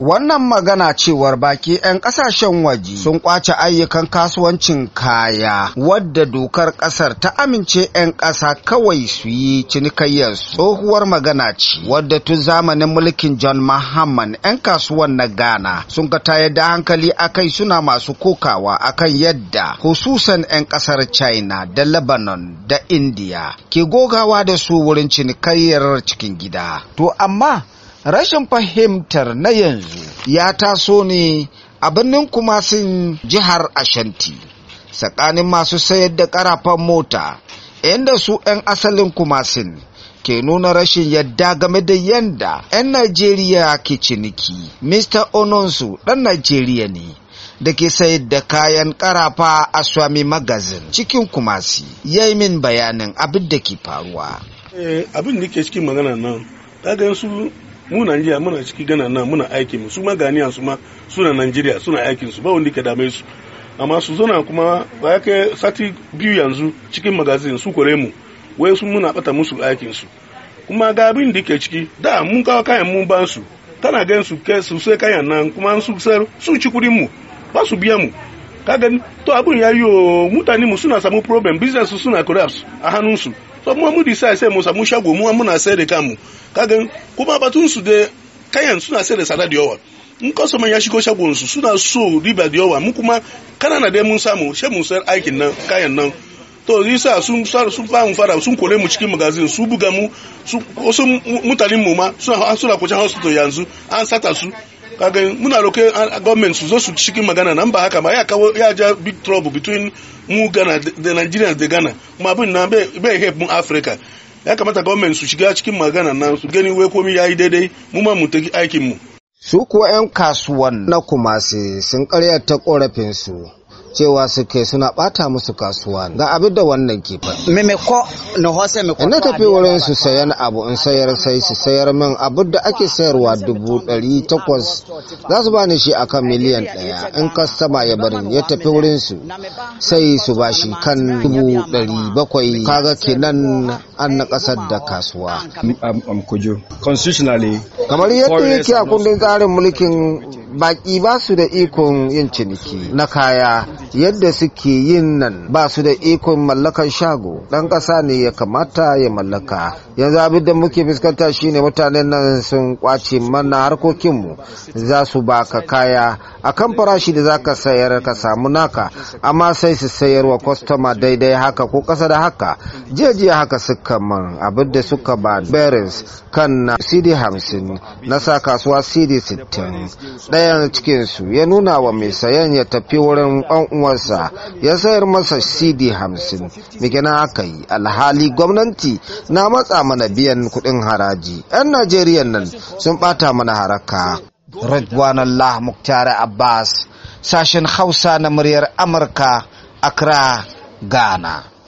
Wannan magana cewar baki 'yan kasashen waje sun kwace ayyukan kasuwancin kaya wadda dokar ƙasar ta amince 'yan ƙasa kawai su yi cinikayyar tsohuwar magana ce wadda tun zamanin mulkin John Mahama 'yan kasuwan na Ghana sun ga tayar da hankali akai suna masu kokawa akan yadda hususan 'yan ƙasar China da Lebanon da India ke gogawa da su wurin cinikayyar cikin gida. To amma rashin fahimtar na yanzu ya taso ne a birnin kumasin jihar ashanti tsakanin masu sayar da karafan mota inda su 'yan asalin kumasin ke nuna rashin yadda game da yanda 'yan najeriya ke ciniki mr ononsu ɗan najeriya ne da ke sayar da kayan karafa a swami magazin cikin kumasi ya yi min bayanin abin da ke faruwa eh, abin da ke cikin magana nan mu Najeriya muna ciki gana nan muna aiki mu su ma su ma suna Najeriya suna aikin su ba wanda ka dame su amma su zona kuma baya kai sati biyu yanzu cikin magazin su kore mu wai su muna bata musu aikin su kuma ga abin da ke ciki da mun kawo kayan mun ba su tana gan su kai su sai kayan nan kuma su sayar su ci kudin mu ba su biya mu kaga to abun yayi mutane mu suna samu problem business suna collapse a hannun su so mu mu decide say mu shago mu mụ na sai ka kamu kaga kuma batun su de kayan suna sai da sada ọwa yawa in ya shigo su suna so riba dị ọwa mu kuma kana na de mun samu she mu sayar aikin nan kayan nan to sun sun sun kore magazin su buga mu su mu ma hospital kaga muna roƙe government su zo su cikin magana na mba haka ma ya kawo ya ja big trouble between mu Ghana da Nigerians the Ghana ma abin na bai help mu Africa ya kamata government su shiga cikin magana na su gani wai kwomi ya daidai mu ma gị tafi mu su kuwa 'yan kasuwan na kumasi sun ta korafinsu cewa suke suna bata musu kasuwa ga abin da wannan ke faɗi. Na tafi wurin su sayan abu in sayar sai su sayar min abu da ake sayarwa dubu ɗari takwas za su bani shi akan miliyan ɗaya in kastama ya barin ya tafi wurin su sai su bashi kan dubu ɗari bakwai kaga kenan an na ƙasar da kasuwa. Kamar yadda yake a kundin tsarin mulkin baki ba su da ikon yin ciniki na kaya yadda suke yin nan ba su da ikon mallakar shago ɗan ƙasa ne ya kamata ya mallaka yanzu abin da muke fuskanta shine mutanen nan sun kwace mana harkokinmu za su baka kaya akan farashi da zaka sayar ka samu naka amma sai su sayar wa kwastoma daidai haka ko ƙasa da haka jiya haka suka man abin da suka ba berins kan na cd 50 na sa kasuwa cd 60 ɗayan cikinsu ya nuna wa mai sayan ya tafi wurin ɗan uwansa ya sayar masa cd hamsin migina aka yi alhali gwamnati na matsa mana biyan kudin haraji 'yan najeriya nan sun ɓata mana haraka Ridwanallah Muktar Abbas, sashen Hausa na muryar Amurka, Accra, Ghana.